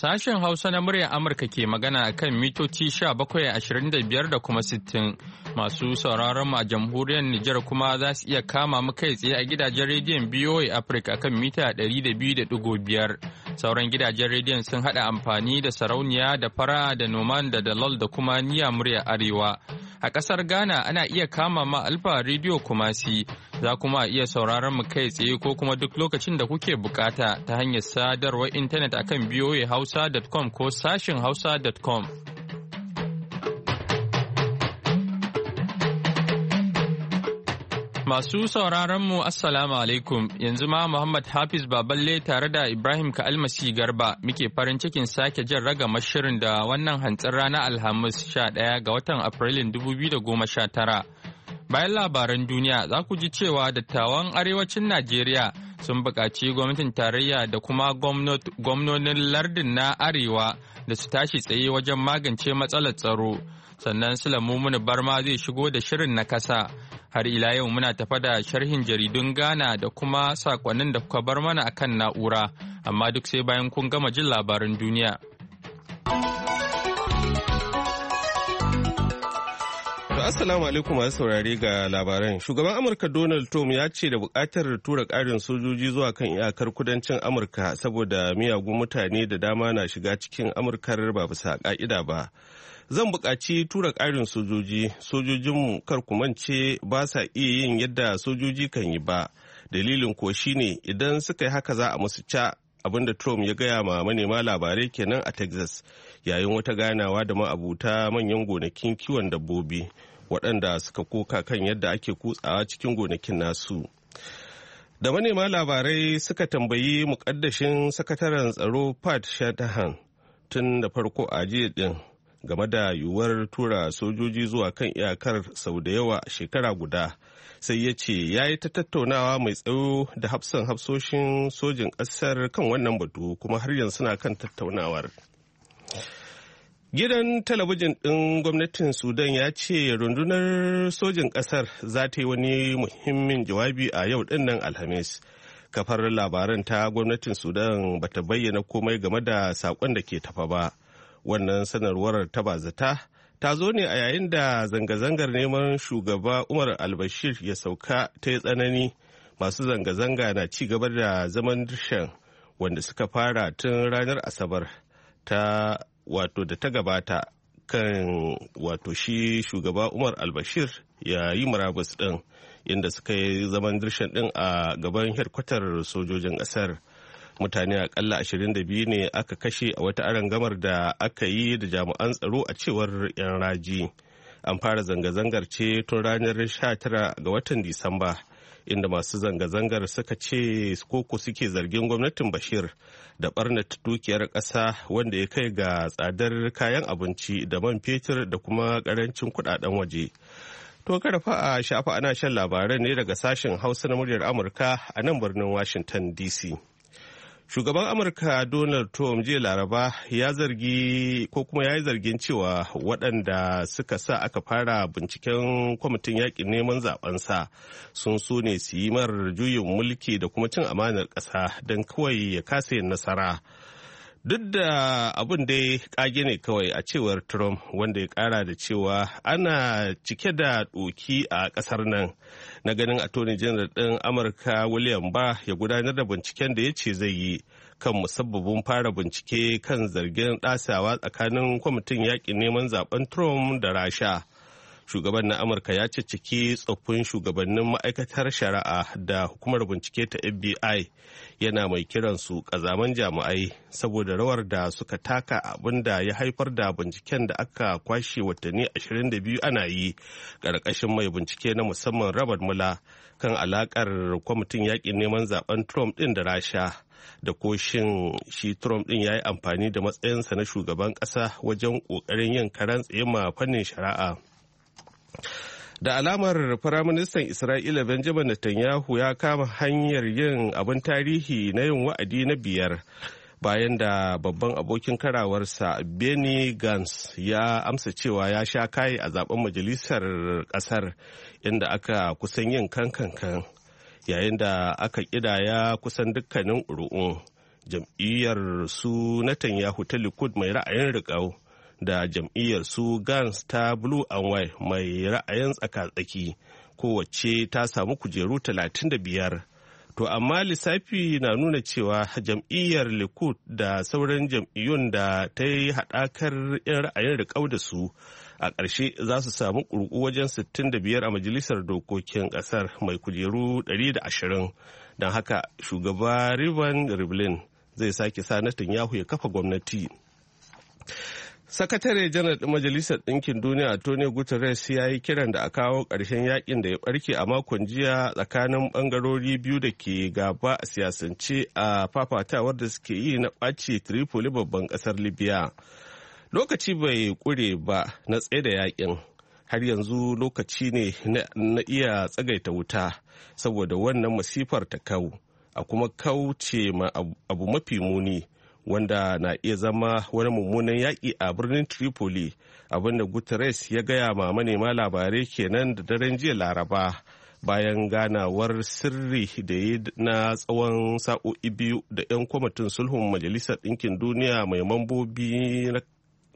Sashen Hausa na muryar Amurka ke magana a kan mitoci 1725 da kuma 60 masu sauraron mu a jamhuriyar Nijar kuma za su iya kama mu kai tsaye a gidajen rediyon BOA Africa kan mita 200.5 sauran gidajen rediyon sun hada amfani da sarauniya da fara da noman da dalal da kuma niya muryar arewa a ƙasar Ghana ana iya kama ma Alfa Radio Kumasi za kuma a iya sauraron mu kai tsaye ko kuma duk lokacin da kuke bukata ta hanyar sadarwar intanet akan voahausa.com ko sashin hausa.com. Masu sauraron mu Assalamu alaikum yanzu ma Muhammad Hafiz Baballe tare da Ibrahim Ka'almasi Garba muke farin cikin sake jan ragamar shirin da wannan hantsin rana Alhamis 11 ga watan Afrilun 2019. Bayan labaran duniya za ku ji cewa dattawan arewacin Najeriya sun buƙaci gwamnatin tarayya da kuma gwamnonin lardin na arewa da su tashi tsaye wajen magance matsalar tsaro. Sannan Muni Barma zai shigo da shirin na kasa. Har ila yau muna tafa da sharhin jaridun Ghana da kuma sakonnin da kuka bar mana akan na'ura, amma duk sai bayan kun gama jin labarin duniya. Assalamu alaikum masu saurare ga labaran. Shugaban Amurka Donald Trump ya ce da bukatar tura ƙarin sojoji zuwa kan iyakar kudancin Amurka saboda miyagun mutane da dama na shiga cikin Amurkar ba bisa ƙa'ida ba. zan buƙaci tura ƙarin sojoji sojojinmu kar ku mance ba sa iya yin yadda sojoji kan yi ba dalilin ko shine idan suka yi haka za a musu ca abinda trump ya gaya ma manema labarai kenan a texas yayin wata ganawa da ma'abuta manyan gonakin kiwon dabbobi waɗanda suka koka kan yadda ake kutsawa cikin gonakin nasu da manema labarai suka tambayi mukaddashin sakataren tsaro pat shatahan tun da farko a jiya din game da yiwuwar tura sojoji zuwa kan iyakar sau da yawa shekara guda sai ya ce ya yi ta tattaunawa mai tsawo da hafsan hafsoshin sojin ƙasar kan wannan batu kuma har yanzu suna kan tattaunawar gidan talabijin ɗin gwamnatin sudan ya ce rundunar sojin ƙasar za ta yi wani muhimmin jawabi a yau ɗinnan alhamis kafar labaran ta gwamnatin sudan ba ta bayyana komai game da saƙon da ke tafa ba wannan sanarwar ta bazata ta zo ne a yayin da zanga-zangar neman shugaba umar albashir ya sauka ta yi tsanani masu zanga-zanga na ci gaba da zaman dirshan wanda suka fara tun ranar asabar ta wato da ta gabata kan wato shi shugaba umar albashir ya yi murabus din inda suka yi zaman dirshan din a gaban hedkwatar sojojin ƙasar. mutane akalla 22 ne aka kashe a wata arangamar da aka yi da jami'an tsaro a cewar 'yan raji an fara zanga-zangar ce tun ranar 19 ga watan disamba inda masu zanga-zangar suka ce koko suke zargin gwamnatin bashir da barnata dukiyar ƙasa wanda ya kai ga tsadar kayan abinci da man fetur da kuma ƙarancin kuɗaɗen waje To karfa a shafa ana shan labaran ne daga sashen Hausa na muryar Amurka a nan birnin Washington DC. shugaban amurka donald trump jiya laraba ya zargi ko kuma ya yi zargin cewa waɗanda suka sa aka fara binciken kwamitin yakin neman zabensa sun so ne su yi mar juyin mulki da kuma cin amanar ƙasa don kawai ya kasa yin nasara Duk da abin dai kage ne kawai a cewar Trump wanda ya kara da cewa ana cike da doki a kasar nan na ganin attorney general ɗin Amurka William ba ya gudanar da binciken da ya ce zai yi kan musabbabin fara bincike kan zargin ɗasawa tsakanin kwamitin yaƙin neman zaben Trump da Rasha. shugaban na amurka ya ciki tsoffin shugabannin ma'aikatar shari'a da hukumar bincike ta fbi yana mai kiransu kazaman jami'ai saboda rawar da suka taka abin da ya haifar da binciken da aka kwashe watanni 22 ana yi ƙarƙashin mai bincike na musamman robert mula kan alaƙar kwamitin yaƙin neman zaben trump ɗin da rasha da ko shi Trump ɗin ya yi amfani da matsayinsa na shugaban ƙasa wajen ƙoƙarin yin karan tsaye ma fannin shari'a. da alamar firaministan isra'ila benjamin netanyahu ya kama hanyar yin abin tarihi na yin wa'adi na biyar bayan da babban abokin karawarsa benny gans ya amsa cewa ya sha kaye a zaben majalisar kasar inda aka kusan yin kankankan yayin da aka kidaya kusan dukkanin uru'un jam'iyyar su netanyahu ta likud mai ra'ayin riƙau da jam'iyyar su gans ta blue and white mai ra'ayin tsaka-tsaki kowace ta samu kujeru 35 to amma lissafi na nuna cewa jam'iyyar likud da sauran jam'iyyun da ta yi haɗakar 'yan ra'ayin riƙau da su a ƙarshe za su samu ƙurƙu wajen 65 a majalisar dokokin ƙasar mai kujeru 120 don haka shugaba rivan riblin zai sake sanatin yahu ya kafa gwamnati sakatare janar ɗin majalisar ɗinkin duniya tony guterres ya yi kiran da a kawo ƙarshen yakin da ya ɓarke a makon jiya tsakanin ɓangarori biyu da ke gaba a siyasance a fafatawar da suke yi na ɓace tripoli babban ƙasar libya lokaci bai ƙure ba na tsaye da yakin har yanzu lokaci ne na iya tsagaita wuta saboda wannan masifar ta kau a kuma kauce ma abu mafi muni. wanda na iya zama wani mummunan yaƙi a birnin tripoli abinda guterres ya gaya ma manema labarai kenan da daren jiya laraba bayan ganawar sirri da yi na tsawon sa'o'i biyu da 'yan kwamitin sulhun majalisar ɗinkin duniya mai mambobi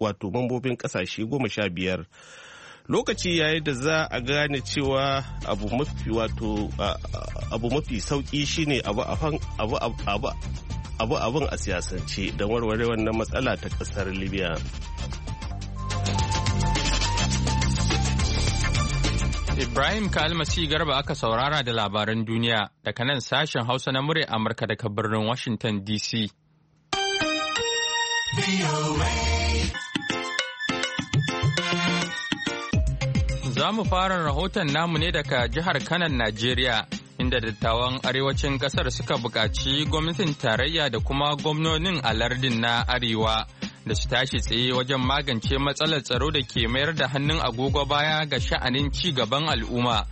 wato mambobin ƙasashe goma sha biyar lokaci yayi da za a gane cewa abu mafi wato sauƙi shine abu a abu abu abun a siyasance don warware wannan matsala ta kasar libya Ibrahim Kalmasi Garba aka saurara da labaran duniya daga nan sashen Hausa na murya Amurka daga birnin Washington DC. Za mu fara rahoton namu ne daga jihar Kanan, Najeriya, inda dattawan arewacin kasar suka buƙaci gwamnatin tarayya da kuma gwamnonin a lardin na arewa da su tashi tsaye wajen magance matsalar tsaro da ke mayar da hannun agogo baya ga sha'anin ci gaban al'umma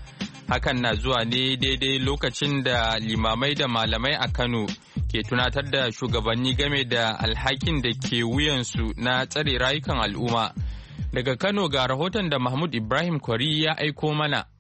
hakan na zuwa ne daidai lokacin da limamai da malamai a kano ke tunatar da shugabanni game da alhakin da ke wuyansu na tsare rayukan al'umma daga kano ga rahoton da mahmud ibrahim kwari ya aiko mana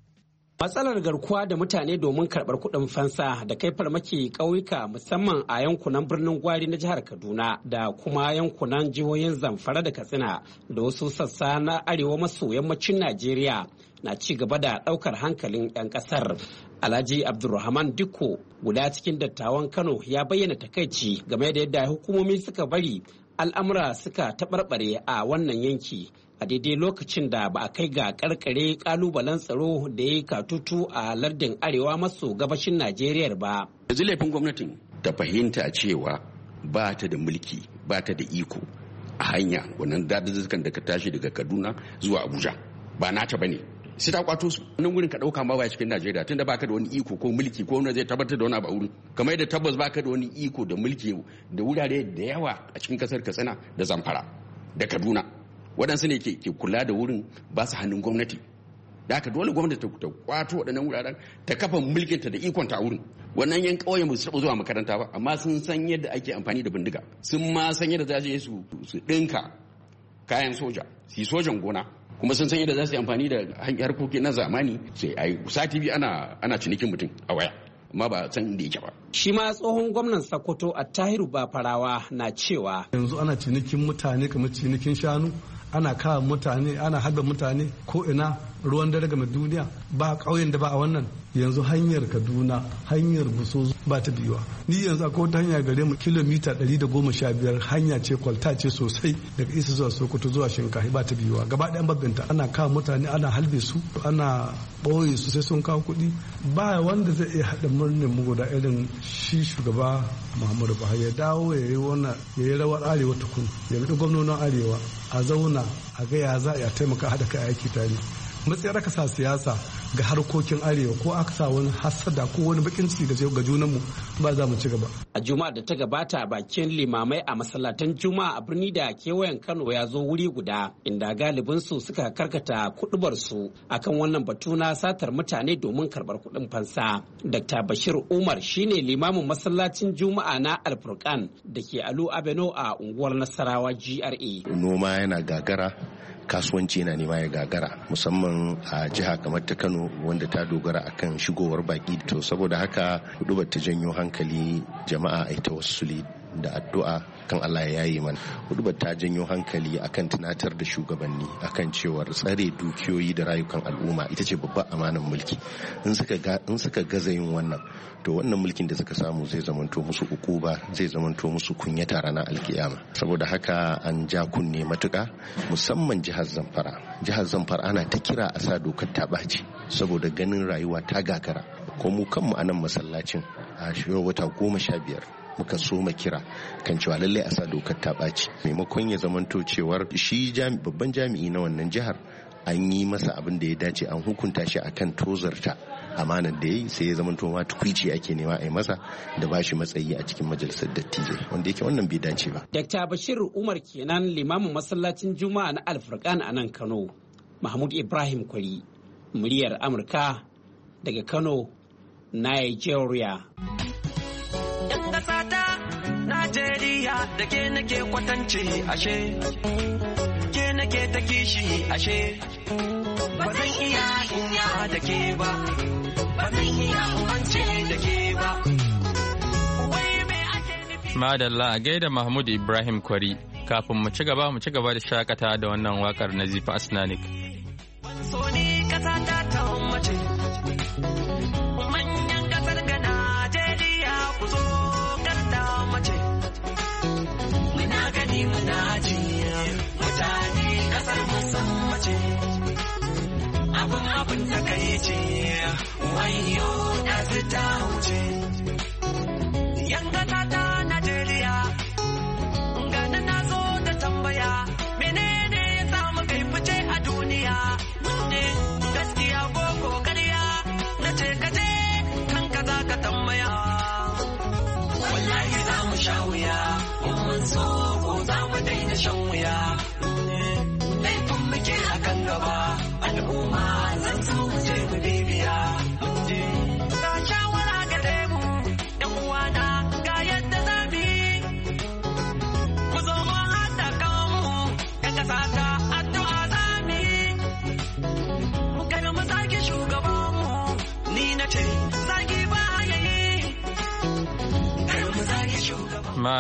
matsalar garkuwa da mutane domin karɓar kuɗin fansa da kai farmaki ƙauyuka musamman a yankunan birnin gwari na jihar kaduna da kuma yankunan jihohin zamfara da katsina da wasu sassa na arewa maso yammacin najeriya na ci gaba da ɗaukar hankalin 'yan ƙasar alhaji abdulrahman dikko guda cikin dattawan kano ya bayyana takaici game da yadda hukumomi suka bari al'amura suka taɓarɓare a wannan yanki a daidai lokacin da ba a kai ga karkare kalubalen tsaro da ya katutu a lardin arewa maso gabashin najeriya ba yanzu laifin gwamnatin ta fahimta cewa ba ta da mulki ba ta da iko a hanya wannan dadazzukan da ka tashi daga kaduna zuwa abuja ba nata ba ne sai ta kwato su nan wurin ka dauka ma baya cikin Najeriya tunda baka da wani iko ko mulki ko wanda zai tabbatar da wani abu wurin kamar yadda tabbas baka da wani iko da mulki da wurare da yawa a cikin kasar Katsina da Zamfara da Kaduna waɗansu ne ke kula da wurin ba su hannun gwamnati da haka dole gwamnati ta kwato waɗannan wuraren ta kafa mulkinta da ikonta a wurin wannan yan ƙauyen ba su taɓa zuwa makaranta ba amma sun san yadda ake amfani da bindiga sun ma san yadda za su su ɗinka kayan soja su yi sojan gona kuma sun san yadda za su yi amfani da harkoki na zamani sai a yi sati biyu ana cinikin mutum a waya amma ba san da yake ba. Shi ma tsohon gwamnan Sokoto a Tahiru Bafarawa na cewa. Yanzu ana cinikin mutane kamar cinikin shanu ana kawo mutane ana haɗa mutane ko ina ruwan dare game duniya ba ƙauyen da ba a wannan yanzu hanyar kaduna hanyar buso ba ta biyuwa ni yanzu akwai wata hanya gare mu kilomita 115 hanya ce kwalta ce sosai daga isa zuwa sokoto zuwa shinkafi ba ta biyuwa gaba ɗayan babbinta ana kawo mutane ana halbe su ana ɓoye su sai sun kawo kuɗi ba wanda zai iya haɗa murnin mu guda irin shi shugaba muhammadu buhari ya dawo ya yi wani ya yi rawar arewa tukun ya bi gwamnonin arewa a zauna a ga ya za a taimaka haɗa kai aiki tare matsayar aka sa siyasa ga harkokin arewa ko aka sa wani hasada ko wani bakin ci ga junanmu ba za mu ci gaba. A juma'a da ta gabata bakin limamai a masallatan juma'a a birni da kewayen Kano ya zo wuri guda inda galibin su suka karkata kudubar su akan wannan batu na satar mutane domin karbar kudin fansa. Dr. Bashir Umar shine limamin masallacin juma'a na Alfurkan da ke Alu Abeno a unguwar Nasarawa GRA. Noma yana gagara kasuwanci yana nema ya gagara musamman a jiha kamar ta kano wanda ta dogara a kan shigowar baki to saboda haka hudubar ta janyo hankali jama'a a ta wasu da addu'a kan Allah ya yi mana hudubar ta janyo hankali akan tunatar da shugabanni akan cewar tsare dukiyoyi da rayukan al'umma ita ce babbar amanan mulki in suka gaza yin wannan to wannan mulkin da suka samu zai zamanto musu ukuba zai zamanto musu kunyata ranar alkiyama saboda haka an ja kunne matuka musamman jihar zamfara jihar zamfara ana ta kira a sa dokar ta ɓaci saboda ganin rayuwa ta gagara ko mu kanmu a nan masallacin a wata goma sha biyar muka soma kira kan cewa lallai a sa dokar ta ɓaci maimakon ya zamanto cewar shi babban jami'i na wannan jihar an yi masa abin da ya dace an hukunta shi akan tozarta amanar da ya yi sai ya zama ma tukwici ake nema a yi masa da ba shi matsayi a cikin majalisar dattijai wanda yake wannan bai dace ba. Dr. Bashir Umar kenan limamin masallacin Juma'a na Alfurkan a nan Kano. Mahmud Ibrahim Kwari, muryar Amurka daga Kano, Nigeria. da ke nake kwatance ashe ke nake ta kishi ashe ba zan iya inya da ke ba ba zan iya umance da ke ba Madalla a gaida Mahmud Ibrahim Kwari kafin mu ci gaba mu ci gaba da shakata da wannan wakar na Zifa Asnanik. abun abun da kai ce wayo na ta wuce yan ta najeriya gani na zo da tambaya menene ya mu kai fice a duniya ne gaskiya ko kokariya na ce kaje kanka za ka tambaya wallahi za mu sha wuya mun so ko za mu daina shan wuya laifin muke a kan gaba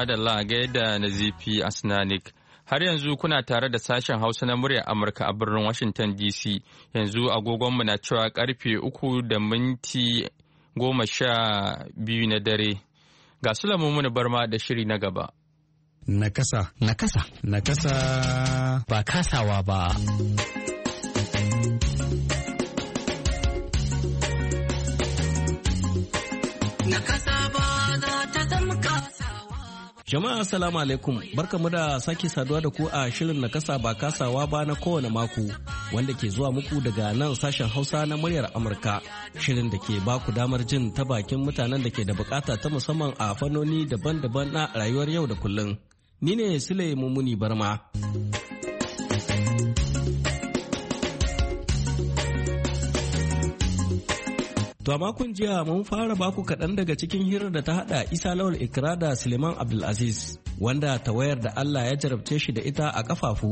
Madalla ga yadda Nazifi Asnanik. Har yanzu kuna tare da sashen Hausa na muryar Amurka a birnin Washington DC. Yanzu agogonmu na cewa karfe uku da minti goma sha biyu na dare. Ga Sulaimu Barma da shiri na gaba. Nakasa. Nakasa. Nakasa. Ba kasawa ba. Nakasa. Jama'a Assalamu alaikum barkamu da sake saduwa da ku a shirin na kasa ba kasawa ba na kowane mako wanda ke zuwa muku daga nan sashen Hausa na muryar Amurka shirin da ke baku damar jin ta bakin mutanen da ke da bukata ta musamman a fannoni daban-daban na rayuwar yau da kullum. Ni ne Sule Mumuni Barma. To a makon jiya mun fara baku kaɗan daga cikin hirar da ta haɗa Isa Lawal Ikra da Suleiman Abdulaziz wanda ta wayar da Allah ya jarabce shi da ita a kafafu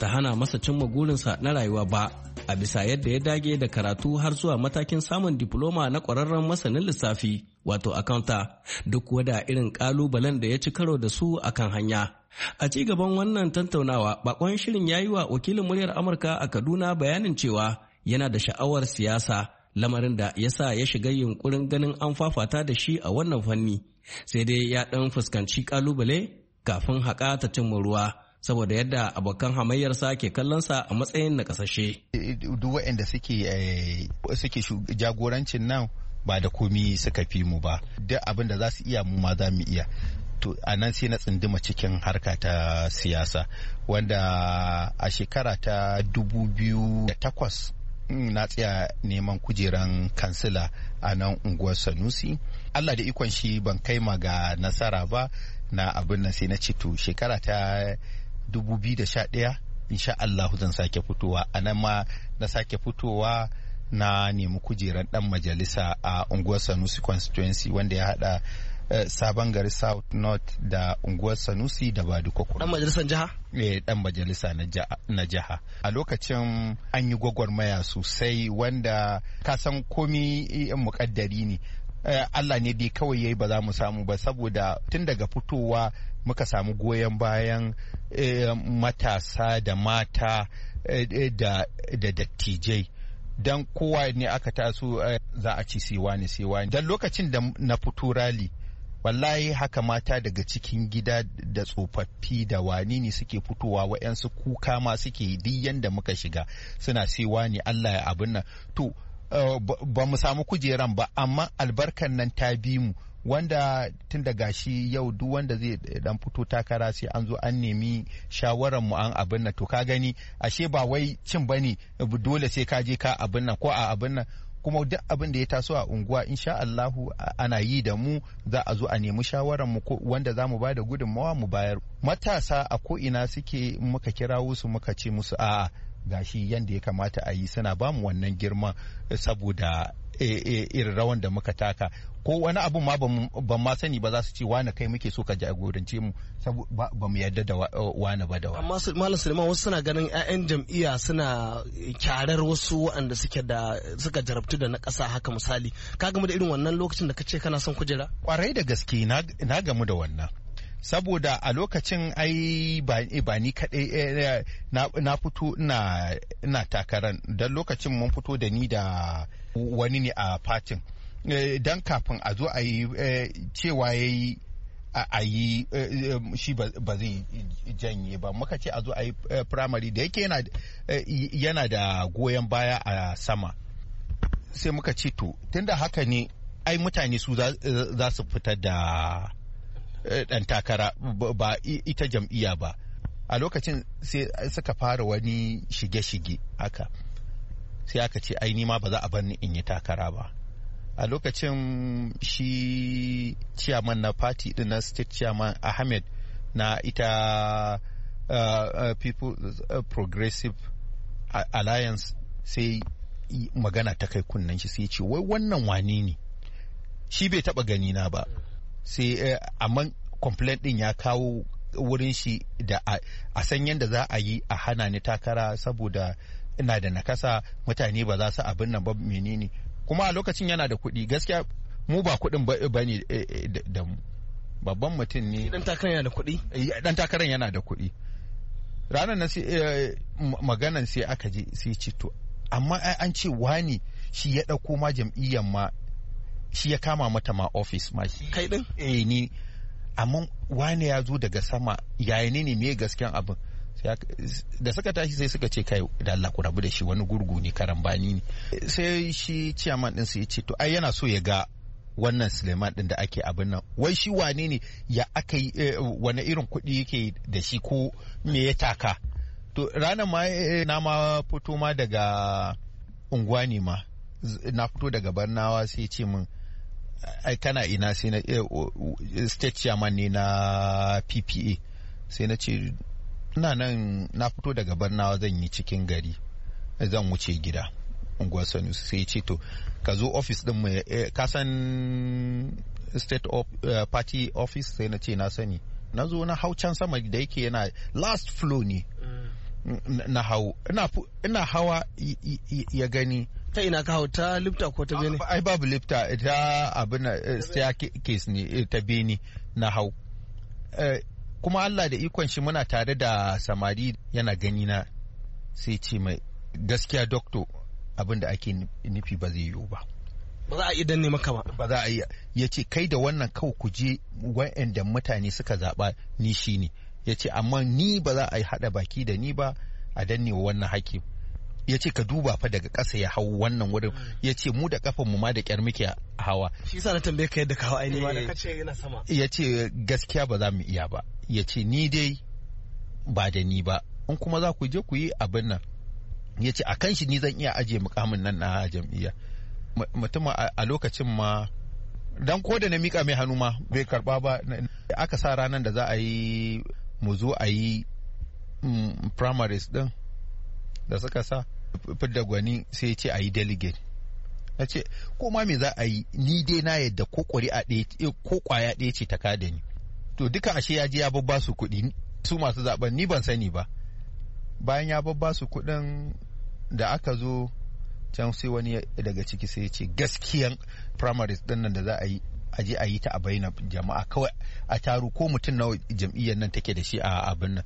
ta hana masa cimma gurinsa na rayuwa ba a bisa yadda ya dage da karatu har zuwa matakin samun diploma na ƙwararren masanin lissafi wato akanta duk wada irin ƙalubalen da ya ci karo da su akan hanya. A ci gaban wannan tantaunawa bakon shirin ya yi wa wakilin muryar Amurka a Kaduna bayanin cewa yana da sha'awar siyasa lamarin da ya sa ya shiga yunkurin ganin an fafata da shi a wannan fanni sai dai ya ɗan fuskanci kalubale. kafin haƙa ta cimma ruwa saboda yadda abokan hamayyarsa ke kallonsa a matsayin na ƙasashe. duk waɗanda suke eh, jagorancin nan ba da komi suka fi mu ba duk abin da za su iya mu ma za mu iya to a nan sai na tsinduma cikin harka ta siyasa wanda a shekara ta takwas. na tsaya neman kujeran kansila a nan unguwar sanusi allah da ikon shi ban kai ma ga nasara ba na abin nan sai na ce to shekara ta da 2011 insha allahu zan sake fitowa a nan ma na sake fitowa na nemi kujeran dan majalisa a unguwar sanusi constituency wanda ya hada Eh, sabon gari south north da unguwar sanusi da badukoko dan majalisar jiha eh dan majalisa na jiha a lokacin an yi gwagwarmaya sosai wanda ka san komi eh, mukaddari ne eh, Allah ne dai kawai yayi ba za mu samu ba saboda tun daga fitowa muka samu goyon bayan matasa da mata da dattijai don kowa ne aka taso za a ci siwa ne siwa ne don lokacin da na fito rali wallahi haka mata daga cikin gida da tsofaffi da wani ne suke fitowa wa'yansu kuka ma suke yi duk yanda muka shiga suna cewa ne Allah ya abin nan to eh, ba mu samu kujeran ba amma albarkan nan ta bi mu wanda tun da gashi yau duk wanda zai dan fito takara sai an zo an nemi shawaran mu an abin nan to ka gani ashe ba wai cin bane dole sai ka je ka abin nan ko a abin nan kuma duk abin da ya taso a unguwa insha Allahu ana yi da mu za a zo a nemi shawarar mu wanda za mu ba da gudunmawa mu bayar matasa a ko ina suke muka kirawo su muka ce musu a'a gashi yadda ya kamata a yi suna bamu wannan girma saboda eh, eh, irin rawan da muka taka ko wani abu ma ba ma sani ba za su ce wane kai muke so ka jagorance mu ba mu yarda da wane ba da Amma Malam Suleiman wasu suna ganin 'ya'yan jam'iyya suna kyarar wasu waɗanda suke da suka jarabtu da na kasa haka misali. Ka gamu da irin wannan lokacin da ka ce kana son kujera? Kwarai da gaske na gamu da wannan. saboda a lokacin ai ba eh, ni kaɗai eh, na fito ina takarar don lokacin mun fito da ni da wani ne a fatin eh, don kafin a zo a yi cewa ya yi a yi shi ba zai janye ba muka ce a zo a yi firamare da yake yana da goyon baya a sama sai muka ce to tunda haka ne ai mutane su za su fitar da dan eh, takara ba ita jam'iyya ba a lokacin sai suka fara wani shige-shige haka sai aka ce ai ma ba za a ni in yi takara ba a lokacin shi chairman na party din na state chairman ahmed na ita uh, progressive alliance sai magana ta kai kunnen shi sai ce wai wannan wani ne shi bai taba gani na ba sai amma complaint din ya kawo wurin shi da a san yadda za a yi a hana ni takara saboda ina da nakasa mutane ba za su abin nan ba menene kuma a lokacin yana da kuɗi gaskiya mu ba kuɗin ba ne eh, eh, da mu babban mutum ne dan takaran yana da kuɗi dan eh, takaran yana da kuɗi ranar nan sai maganan sai aka je sai ci to amma an ce wani shi ya ɗauko ma jam'iyyar ma shi ya kama mata ma ofis ma shi kai din eh ni amma wane ya zo daga sama yayi ne me gaskiyan abin da suka tashi sai suka ce kai da Allah ku rabu da shi wani gurgu ne karambani ne sai shi ciyaman din sai ya ce to ai yana so ya ga wannan suleiman din da ake abin nan wai shi wane ne ya aka yi eh, wani irin kuɗi yake da shi ko me ya taka to ranar ma eh, na ma fito ma daga unguwa ma na fito daga barnawa sai ce min ai kana ina sai na eh, state chairman ne na ppa sai na ce ina nan na fito daga barnawa zan yi cikin gari zan wuce gida unguwar sanu sai ce to ka zo office din mu eh, ka san state of, eh, party office sai na ce na sani na zo na hau can sama da yake yana last floor ne mm. na hau ina hawa ya gani ta ina ka ta lifta ko ta bene ai babu lifta ta abin eh, staircase ne eh, ta bene na hau eh, kuma Allah da ikon shi muna tare da samari yana gani na sai ce mai gaskiya doctor abin da ake nufi ba zai yiwu ba ba za a iya danne maka ba ba za a yi ya ce kai da wannan kawai ku je wa'anda mutane suka zaɓa ni shi ne ya ce amma ni ba za a yi haɗa baki da ni ba a danne wannan hakim ya ce ka duba fa daga ƙasa ya hau wannan wurin hmm. ya ce mu da mu ma da ƙyar muke hawa shi sa na tambaye ka yadda ka hawa ainihi ma eh. da kace yana sama ya ce gaskiya ba za mu iya ba ya ce ni dai ba da ni ba in kuma za ku je ku yi abin nan ya ce a kan shi ni zan iya ajiye mukamin nan na jam'iyya mutum a lokacin ma dan ko da na mika mai hannu ma bai karba ba aka sa ranar da za a yi mu zo a yi mm, primaries din da suka sa da gwani sai ce a yi delegate a ce ko ma me za a yi ni dai na yadda ko ƙuri'a ɗaya eh, ɗaya ce ta kada ni to duka ashe ya je ya babba su kuɗi su masu zaben ni ban sani ba bayan ya babba su kuɗin da aka zo can sai wani daga ciki sai ya ce gaskiyan primaries ɗin nan da za a yi a je a yi ta a bayyana jama'a kawai a taru ko mutum nawa jam'iyyar nan take da shi a abin nan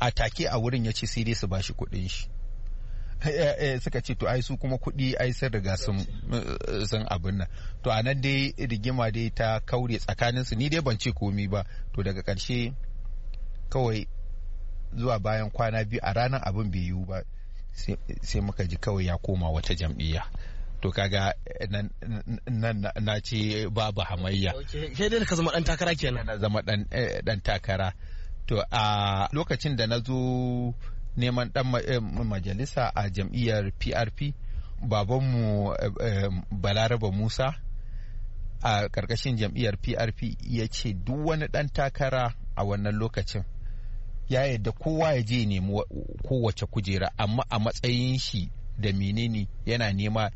a take a wurin ya ce sai dai su bashi kuɗin shi Eh, eh, suka ce to ai su kuma kuɗi ai sun riga sun eh, abin nan to a nan dai rigima dai ta kaure tsakanin su ni dai ban ce komi ba to daga ƙarshe kawai zuwa bayan kwana biyu a ranar abin bai yiwu ba sai muka ji kawai ya koma wata jam'iyya to kaga nan na ce babu hamayya sai dai ka zama dan takara kenan na zama dan takara to a lokacin da na zo neman dan eh, majalisa a jam'iyyar prp babanmu eh, eh, balaraba musa a karkashin jam'iyyar prp ya ce duk wani ɗan takara a wannan lokacin ya yadda kowa ya je nemi kowace kujera amma a matsayin shi da menene yana nema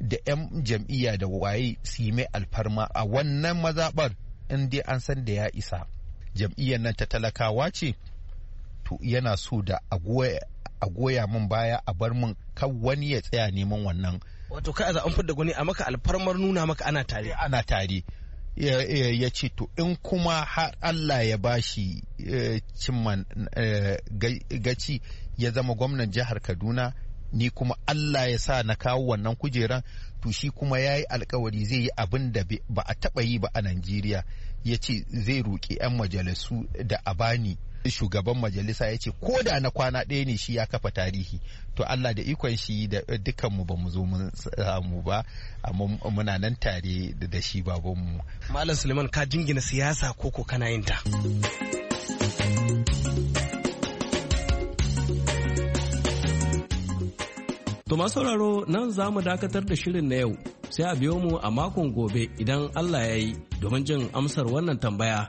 da 'yan jam'iyya da waye su yi mai alfarma a wannan mazaɓar in dai an san da ya isa jam'iyyar nan ta talakawa ce to yana so da a goya min baya a bar min kan wani ya tsaya neman wannan wato ka za an fidda gwani a maka alfarmar nuna maka ana tare eh, ana tare ya ce to in kuma har Allah ya bashi eh, cimman eh, gaci ya zama gwamnan jihar Kaduna ni kuma Allah ya sa na kawo wannan kujeran to shi kuma ya yi alkawari zai yi abin da ba a taɓa yi ba a Najeriya ya ce zai roƙi 'yan majalisu da abani shugaban majalisa ya ce ko da na kwana ɗaya ne shi ya kafa tarihi to Allah da ikon shi da dukanmu ba mu zo mun samu ba amma muna nan tare da shi babanmu. Malam Suleiman ka jingina siyasa koko kana yin ta. To masu sauraro nan za mu dakatar da shirin na yau sai a biyo mu a makon gobe idan Allah ya yi domin jin amsar wannan tambaya.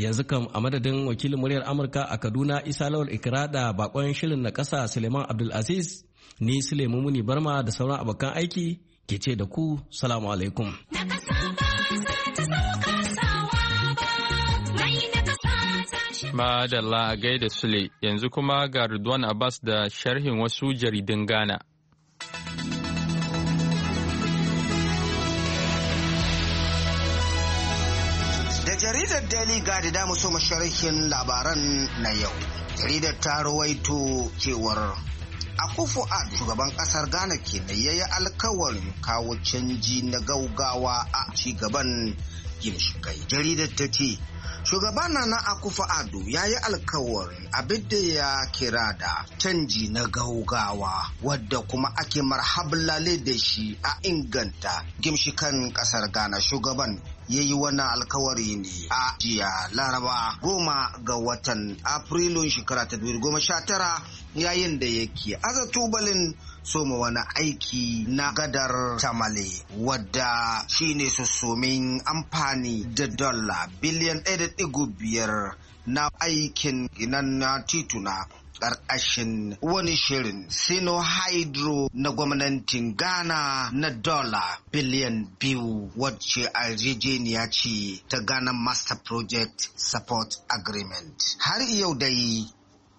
Yanzu kam a madadin wakilin muryar Amurka a Kaduna Isa Lawal Ikira da bakon shirin na ƙasa Suleiman Abdulaziz ni Suleiman Muni Barma da sauran abokan aiki ke ce da ku salamu alaikum. Madalla a gaida Sule yanzu kuma ga Ridwan Abbas da sharhin wasu jaridun Ghana. jaridar daily Gadi da mu so sharhin labaran na yau jaridar ta rawaito cewar Akufu a shugaban kasar ghana kenan ya yi alkawarin kawo canji na gaugawa a cigaban gimshikai jaridar ta ce shugaban na akufa ado ya yi alkawarin abinda ya kira da canji na gaugawa wadda kuma ake marhablale da shi a inganta gimshikan kasar ghana shugaban ya yi wannan alkawari ne a jiya laraba goma ga watan afrilun shekara ta goma sha tara yayin da yake aza tubalin soma wani aiki na gadar tamale wadda shine sussumin amfani da dola biliyan 1.5 na aikin ginan na tituna ƙarƙashin wani shirin sinohydro na gwamnatin ghana na dola biliyan biyu wacce yarjejeniya ce ta ghana master project support agreement har yau dai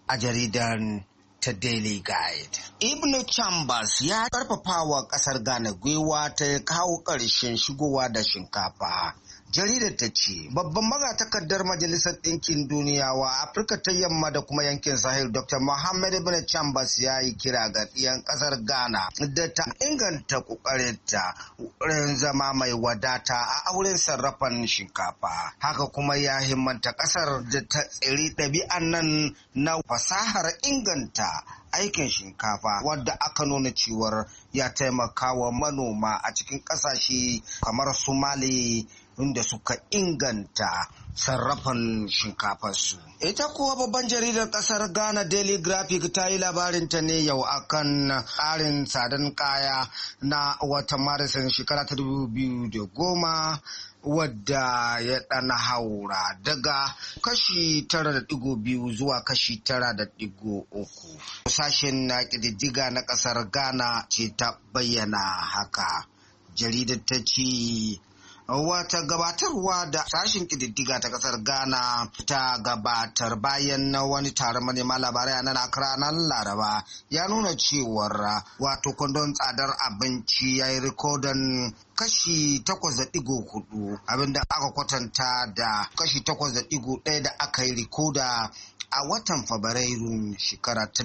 a jaridan ta Daily Guide. Ibn Chambers ya karfafa wa kasar Ghana gwiwa ta kawo ƙarshen shigowa da shinkafa jaridar ta ce babban magatakardar majalisar ɗinkin duniya wa afirka ta yamma da kuma yankin sahel dr mohammed ibn chambers ya yi kira ga ɗiyan ƙasar ghana da ta inganta ƙoƙarinta wurin zama mai wadata a auren sarrafan shinkafa haka kuma ya himmanta ƙasar da ta tsiri ɗabi'an nan na fasahar inganta aikin shinkafa wadda aka nuna cewar ya taimaka wa manoma a cikin ƙasashe kamar somali inda suka inganta sarrafan shinkafarsu. Ita kuwa babban jaridar kasar Ghana Daily Graphic ta yi labarinta ne yau akan tsarin tsadan kaya na wata Marisin shekara ta dubu biyu da goma. wadda ya ɗan haura daga kashi tara da digo biyu zuwa kashi tara da digo uku. Sashen na ƙididdiga na ƙasar Ghana ce ta bayyana haka. Jaridar ta ce wata gabatarwa da sashen ƙididdiga ta ƙasar ghana ta gabatar bayan na wani taron manema labarai a nan akra nan laraba ya nuna cewar wato kwandon tsadar abinci ya yi rikodon kashi takwas da hudu abinda aka kwatanta da kashi takwas da ɗaya da aka yi rikoda a watan fabrairu shekara ta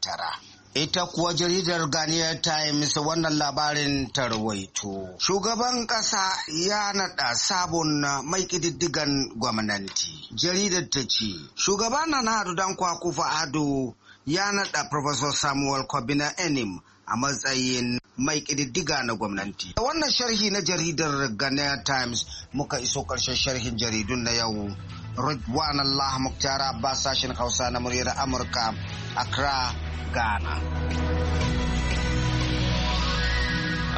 tara. Ita kuwa jaridar Ghanaian Times wannan labarin ta rawaito. Shugaban ƙasa ya naɗa sabon mai ƙididdigan gwamnati. Jaridar ta ce, Shugaba na hadu dan kwakufa Ado ya naɗa Professor Samuel Kwabina Enim a matsayin mai ƙididdiga na gwamnati. Da wannan sharhi na jaridar Ghanaian Times muka iso ƙarshen sharhin jaridun na yau. Ridwan Allah Mukhtar Abbas sashen Hausa na muryar Amurka Accra Ghana.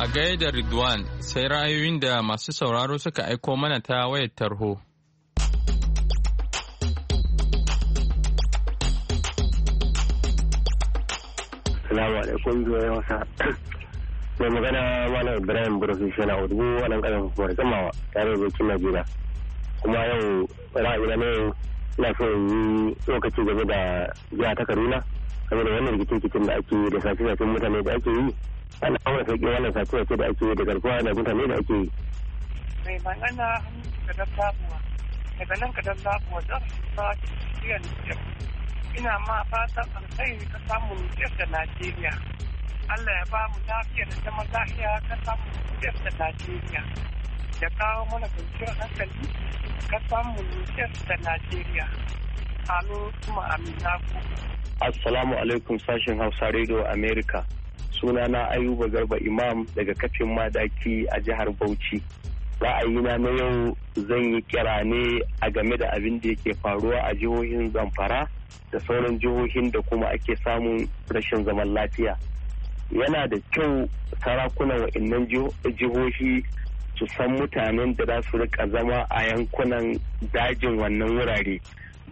A gaida Ridwan sai ra'ayoyin da masu sauraro suka aiko mana ta wayar tarho. Salamu alaikum zuwa wasa. Mai magana Malam Ibrahim Burfi Shana Udubu a nan kuma da Kamawa tare da Najeriya. kuma yau ra'ayi na yau ina so yi lokaci game da jiha ta kaduna da wannan rikicin da ake yi da sace-sacen mutane da ake yi ana aure sauƙi wannan sace-sace da ake yi da garkuwa da mutane da ake yi. mai magana ka dan sabuwa daga nan ka dan sabuwa don ba jiya nijar ina ma fatan alkhairi ka samu nijar da najeriya allah ya ba mu lafiya da zaman lafiya ka samu nijar da najeriya da kawo mana kwanciyar hankali samu Nijar da Najeriya. Halo kuma Amina ku. Assalamu alaikum sashen Hausa Radio America. Sunana Ayuba Garba Imam daga kafin madaki a jihar Bauchi. Ra'ayina na yau zan yi kira ne a game da abin da yake faruwa a jihohin Zamfara da sauran jihohin da kuma ake samun rashin zaman lafiya. Yana da kyau sarakunan wa'innan jihohi su san mutanen da za su rika zama a yankunan dajin wannan wurare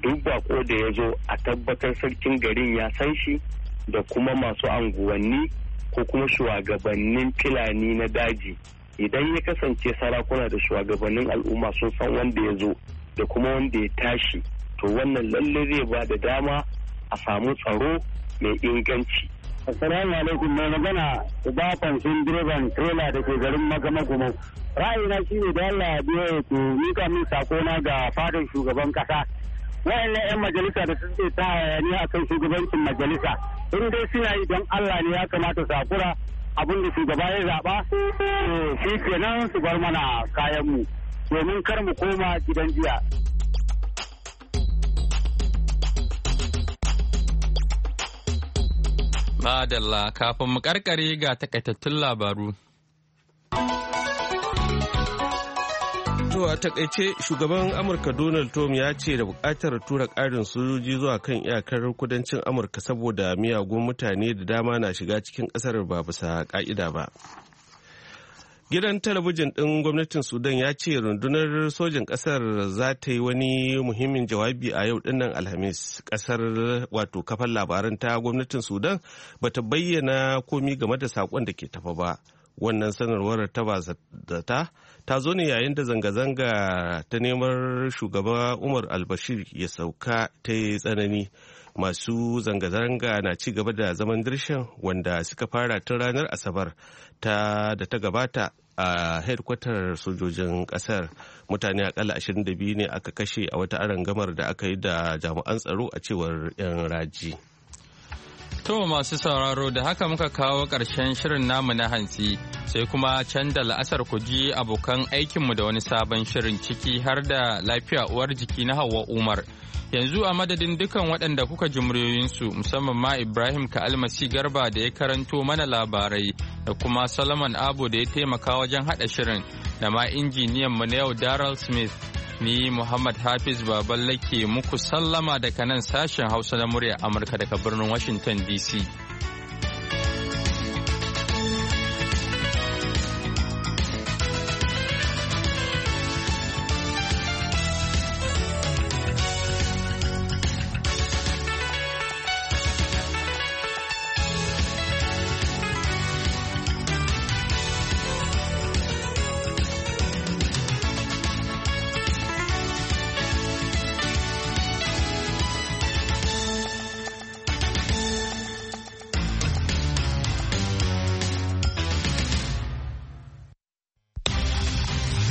duk bako da ya zo a tabbatar sarkin garin ya san shi da kuma masu anguwanni ko kuma shugabannin filani na daji idan ya kasance sarakuna da shugabannin al'umma sun san wanda ya zo da kuma wanda ya tashi to wannan lallai zai ba da dama a samu tsaro mai inganci Assalamu alaikum mai magana uba kwanshin direban trailer da ke garin makamakuma. Ra'ayi Ra'ayina shi ne da Allah biyo ku mika min sako na ga fadar shugaban kasa. Wa'annan 'yan majalisa da suke ta hayaniya a kan shugabancin majalisa. In dai suna yi don Allah ne ya kamata sakura abin da shugaba ya zaɓa. shi kenan su bar mana mu domin kar mu koma gidan jiya. Madalla kafin mu karkare ga takaitattun labaru. To a takaice shugaban Amurka Donald Trump ya ce da bukatar tura ƙarin sojoji zuwa kan iyakar kudancin Amurka saboda miyagun mutane da dama na shiga cikin ƙasar ba bisa ƙa'ida ba. Gidan talabijin ɗin gwamnatin Sudan ya ce rundunar sojin ƙasar za ta yi wani muhimmin jawabi a yau ɗinnan Alhamis. Ƙasar wato kafar labaran ta gwamnatin Sudan ba ta bayyana komi game da saƙon da ke tafa ba. Wannan sanarwar ta ba ta ta zo ne yayin da zanga-zanga ta neman shugaba Umar Albashir ya sauka ta yi tsanani. masu zanga-zanga na ci gaba da zaman dirshan wanda suka fara tun ranar asabar ta da ta gabata a hedkwatar sojojin kasar mutane akalla 22 ne aka kashe a wata arangamar da aka yi da jami'an tsaro a cewar 'yan raji. To masu sauraro da haka muka kawo ƙarshen shirin namu na hantsi sai kuma can da la'asar ku ji abokan aikinmu da wani sabon shirin ciki har da lafiya uwar jiki na Hauwa Umar. Yanzu a madadin dukan waɗanda kuka ji muryoyinsu musamman ma Ibrahim ka almasi garba da ya karanto mana labarai da kuma Solomon Abu da ya taimaka wajen haɗa shirin da ma injiniyan mu na yau Daryl Smith. Ni Muhammad Hafiz Baballe ke muku sallama daga nan sashen Hausa na murya Amurka daga birnin Washington DC.